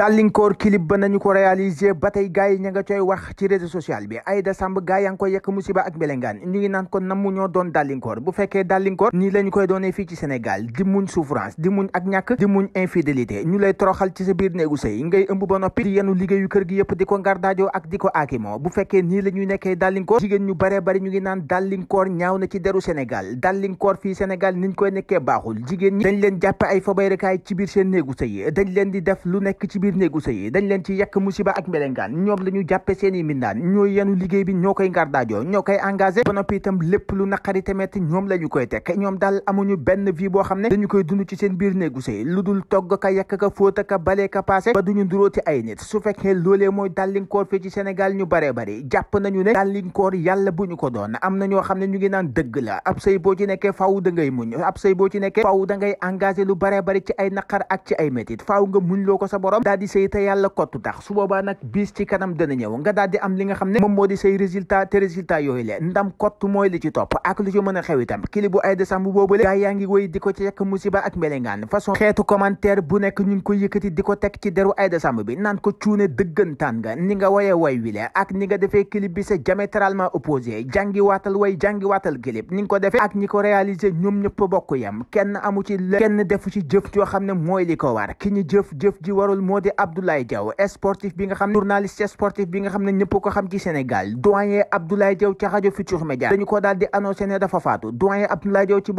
tàllinkoor clip ba nañu ko réaliser ba tey gars yi ña nga coy wax ci réseau social bi Aïda Samb gars yaa ngi koy yekk musiba ak mbelengaan ñu ngi naan ko namu ñoo doon dàllinkoor bu fekkee dàllinkoor nii la nekkee dàllinkoor ñaaw na ci deru Sénégal dàllinkoor fii Sénégal niñ koy nekkee baaxul jigéen ñi dañ leen jàppe ay fabayrekaay ci biir seen néegu sëy dañ leen di def lu nekk ci biir néegu sëy yi dañ leen ci yekk musiba ak mbelengaan ñoom la ñu jàppe seen i mindaan ñooy yenu liggéey bi ñoo koy ngardaajoo ñoo koy engagé ba noppi itam lépp lu naqari ñoom la ñu koy tekk ñoom daal amuñu benn vie boo xam koy dund ci seen biir néegu sëy lu dul togg ka yekk ka fóota ka balee ka passé ba duñu nduróoti ay nit su fekkee loolee mooy dàllinkoor fii ci Sénégal ñu baree bari jàpp nañu ne dàllinkoor yàlla bu ñu ko doon am na ñoo xam ne ñu ngi naan dëgg la ab sëy boo ci nekkee faaw da ngay muñ ab sëy boo ci nekkee faaw da ngay engagé lu baree bari ci ay naqar ak ci ay métit faaw nga muñ loo sa borom di sëy te yàlla kottu tax su boobaa nag bis ci kanam dana ñëw nga daal di am li nga xam ne moom moo di say résultat te résultat yooyu le ndam topp ak lu ci a xew itam kili bu ay décembre boobule gaa yaa ngi woy di ko ci yekk musiba ak mbelengaan façon xeetu bu nekk ñu ngi ko yëkkati di ko teg ci deru ay décembre bi naan ko cuune dëggantaan nga ni nga woyee way wile ak ni nga defee clip bi c'est diamétralement opposé jàngi waatal way jàngi waatal clip ni nga ko defee ak ñi ko réalisé ñoom ñëpp bokk yam kenn amu ci kenn defu ci jëf joo xam ne mooy li ko war ki ñu jëf jëf ji warul moo di Abdoulaye Diaw sportif bi nga xam ne journaliste xam ci Sénégal doyen Abdoulaye Diaw ca rajo Futurs Médias dañu ko daal di annoncé ne dafa faatu doyen Abdoulaye Diaw ci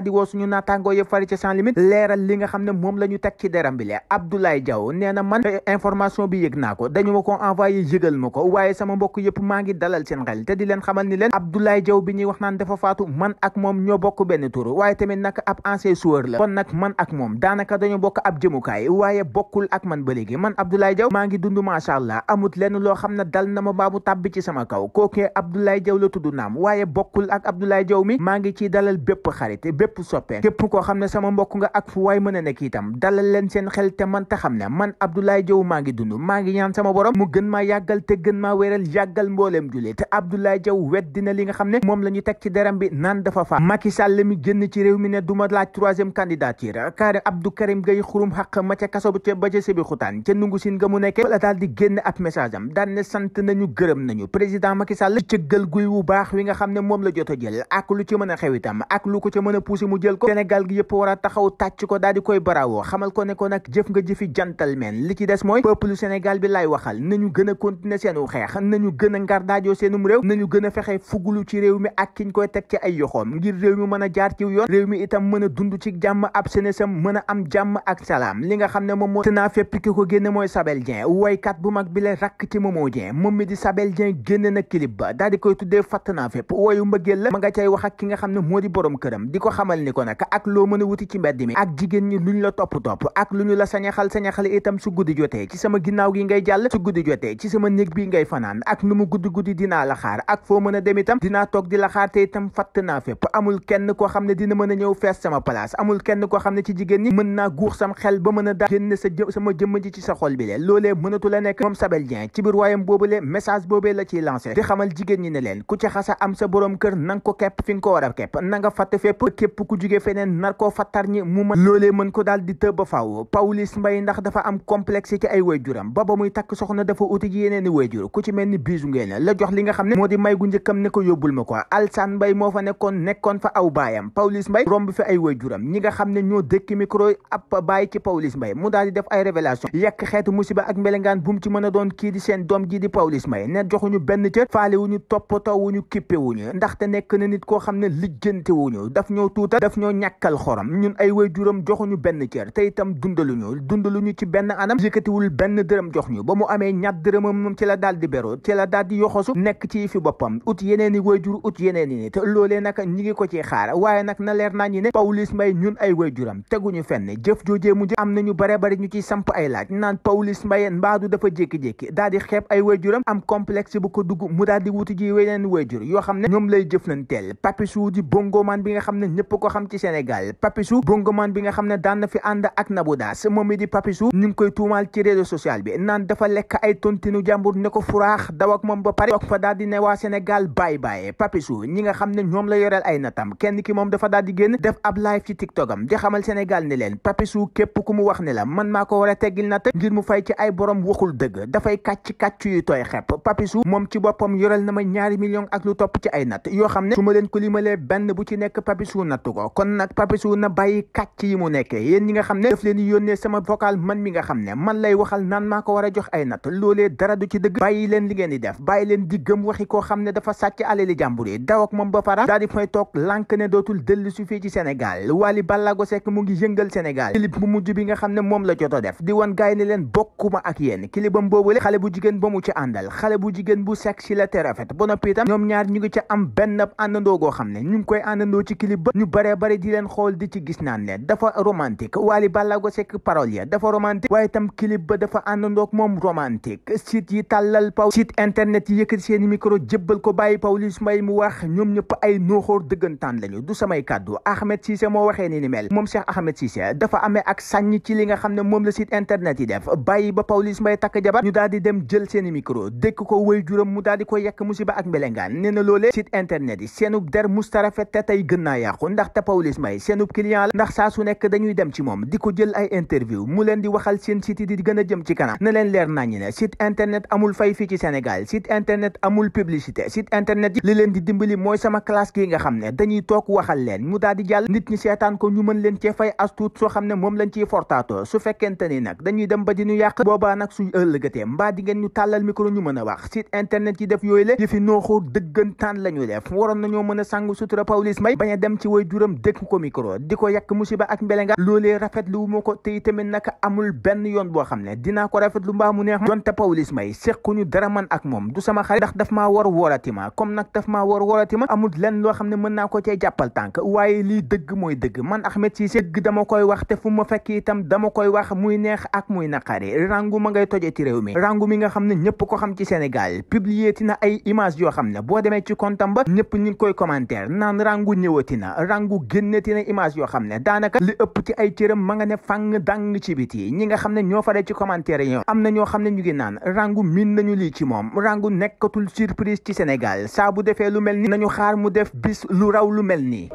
di woo suñu naataangoo yëpp fari ci ne moom la la Abdoulaye Diaw nee na man information bi yëg naa ko dañu ma ko envoyé yëgal ma ko waaye sama mbokk yëpp maa ngi dalal seen xel te di leen xamal ni leen Abdoulaye Diaw bi ñuy wax naan dafa faatu man ak moom ñoo bokk benn tur waaye tamit nag ab ancien la kon nag man ak moom daanaka dañu bokk ab jëmukaay waaye waaye bokkul ak man ba léegi man Abdoulaye Diaw maa ngi dund macha allah amut lenn loo xam ne dal na ma baabu tàbbi ci sama kaw kookee Abdoulaye Diaw la tudd naam waaye bokkul ak Abdoulaye jaw mi maa ngi ciy dalal bépp xarit bépp soppe képp koo xam ne sama mbokku nga ak fu waay mën a nekk itam dalal leen seen xel te man ta xam ne man Abdoulaye Diaw maa ngi dund maa ngi ñaan sama borom mu gën ma yàggal te gën maa wéral yàggal mbooleem julee te Abdoulaye jaw wet dina li nga xam ne moom la ñu teg ci deram bi naan dafa faa Macky Sall mi génn ci réew mi ne duma laaj troisième candidature Karim sobte ba ca sébi xutaan ca nungu sin la a ci a xew itam a a des mooy peuple Sénégal bi laay waxal nañu gën a continuer seenu xeex nañu gën a ngardaajoo seenum réew nañu gën a fexe fugulu ci réew mi ak koy teg ci ay yoxoom ngir réew mi mën a jaar ci yoon réew mi itam mën a dund ci jàmm ab sénésam mën a am jàmm ak salaam li nga xam ne moom moo sénat fépp ki ko génne mooy Sabel Dieng kat bu mag bi la rakk ci Momo Dieng moom mi di Sabel Dieng génne na clip ba daal di koy tuddee fatt naa fépp woyu mbëggeel la ma nga cay wax ak ki nga xam ne moo di borom këram di ko xamal ni ko nag ak loo mën a wuti ci mbedd mi ak jigéen ñi ñu la topp topp ak lu ñu la sañaxal sañaxal itam su guddi jotee ci sama ginnaaw gi ngay jàll su guddi jotee ci sama néeg bi ngay fanaan ak nu mu guddi guddi dinaa la xaar ak foo mën a dem itam dinaa toog di la xaar itam fatt naa fépp amul kenn koo xam ne dina mën a ñëw fees sama place amul kenn koo xam ne ci jigéen ñi mën naa guux sam xel génn sa jë sama jëmm ji ci sa xol bi le loolee mënatu la nekk moom Sabel Dieng ci biir waayam boobule message boobee la ciy lancé di xamal jigéen ñi ne leen ku ci xasa am sa borom kër na nga ko kepp fi ko war a kepp na nga fatt ku jugee feneen nar koo fattar ñi mu mën loolee mën ko daal di tëb ba faaw Pawlish ndax dafa am complexe ay waajuram ba ba muy takk soxna dafa uti ji yeneen i waajur ku ci mel ni biisu ngeen la jox li nga xam ne moo di may gu njëkkam ne ko yóbbul ma ko Alsaan Mbaye moo fa nekkoon nekkoon fa aw baayam Pawlish Mbaye romb fi ay waajuram ñi nga xam ne ñoo dëkk micro ab baay ci daal di def ay révélation yekk xeetu musiba ak mbelengaan bu mu ci mën a doon kii di seen doom ji di Pawlish Mbaye ne joxuñu benn cër faale wuñu toppatoo wuñu kippe wuñu ndaxte nekk na nit koo xam ne lijjante wuñu daf ñoo tuutal daf ñoo ñàkkal xorom ñun ay waajuram joxuñu benn cër te itam dundaluñu dundaluñu ci benn anam yëkkatiwul benn dërëm jox ñu ba mu amee ñat dërëmam moom ci la dal di béro ci la dal di yoxosu nekk ci fi boppam ut yeneen i waajur ut yeneen i nit loolee nag ñi ngi ko ci xaar waaye nag na leer naa ñi ne Pawlish Mbaye ñun ay waajuram teguñu fenn jëf am bari ñu ciy samp ay laaj naan Pawlish Mbaye mbaadu dafa jékki-jékki daal di xeeb ay wayjuram am complexe bu ko dugg mu daal di wuti ji weneen wayjur yoo xam ne ñoom lay jëflanteel Papichou di bongoman bi nga xam ne ñëpp ko xam ci Sénégal Papichou bongoman bi nga xam ne daan na fi ànd ak Nabou Dash moom mi di Papichou ñu ngi koy tuumaal ci réseau social bi naan dafa lekk ay tontinu jàmbur ne ko furaax daw ak moom ba pare toog fa daal di ne waa Sénégal bàyyi bàyyi Papichou ñi nga xam ne ñoom la yoreel ay natam kenn ki moom dafa daal di génn def ab live ci TikTokam di xamal Sénégal ni leen Papichou képp ku mu wax ne la man maa ko war a teggil na te ngir mu fay ci ay borom waxul dëgg dafay kàcc kàcc yu tooy xepp papisu moom ci boppam yoral na ma ñaari million ak lu topp ci ay natt yoo xam ne su ma leen ko limalee benn bu ci nekk papisu nattu ko kon nag papisu na bàyyi kàcc yi mu nekkee yéen ñi nga xam ne daf leen yónnee sama vocal man mi nga xam ne man lay waxal naan maa ko war a jox ay natt loole dara du ci dëgg bàyyi leen li ngeen di def bàyyi leen di gëm waxi ko xam ne dafa sàcc alali jàmbur yi daw ak moom ba toog lànk ne dootul dellu su fii ci Sénégal Wally Ballago Seck mu ngi yëngal Sénégal moom la joto def di wan gaay ni leen bokkuma ak yéen kilibam boobule xale bu jigéen ba mu ci àndal xale bu jigéen bu sexy la te rafet ba noppi itam ñoom ñaar ñu ngi ca am benn àndandoo goo xam ne ñu ngi koy àndandoo ci kilib ba ñu bare bare di leen xool di ci gis naan leen dafa romantique Wally Ballago Seck parole ya dafa romantique waaye itam kilib ba dafa àndandoog moom romantique site yi tàllal paw site internet yi yëkkati seeni micro jébbal ko bàyyi Pawlish Mbaye mu wax ñoom ñëpp ay nooxoor dëggantaan lañu du samay kàddu Ahmed Cissé moo waxee ni ni moom Cheikh Ahmed xam ne moom la site internet yi def bàyyi ba Pawlish Mbaye takk jabar ñu daal di dem jël seeni micro dëkk ko wëy juróom mu daal ko yekk musiba ak mbelengaan nee na loolee internet yi seenub der mustarafet te tey gën naa yàqu ndaxte Pawlish Mbaye seenub client la ndax saa nekk dañuy dem ci moom di ko jël ay interview mu leen di waxal seen site a internet amul fay fii ci Sénégal site internet amul publicité site internet li leen di dimbali mooy sama classe gi nga fekkentene nak dañuy dem ba di ñu yàq boobaa nag suñ ëllëgatee mba di ngeen ñu talal micro ñu mëna wax site internet yi def yoy le yëfi nooxu dëggantaan la ñu def waron nañu mëna sàngu sutura Pawlish may baña dem ci way juram dëkk ko micro diko ko yàq musiba ak mbelenga lolé rafet lu moko tey tamen nak amul ben yoon bo xamné dina dinaa ko rafetlu mbaa mu neex ma donte may Mbaye ñu dara man ak mom du sama xarit ndax daf ma wor woratima comme nak daf ma wor woratima amul len lo xamné mëna ko ci jàppal tànk waye li deug moy deug man Ahmed ci dëgg dama koy wax te fu ma fekk itam dama koy wax muy neex ak muy naqari rangu ma ngay toje ci réew mi rangu mi nga xam ne ñëpp ko xam ci Sénégal publié ti na ay image yoo xam ne boo demee ci kontam ba ñu ngi koy commentaire naan rangu ñëwati na rangu génnati na image yoo xam ne daanaka li ëpp ci ay cëram ma nga ne fàng dàng ci biti ñi nga xam ne ñoo fare ci commentaire yi am na ñoo xam ne ñu ngi naan rangu min nañu lii ci moom rangu nekkatul surprise ci Sénégal saa defee lu mel ni nañu xaar mu def bis lu raw lu mel nii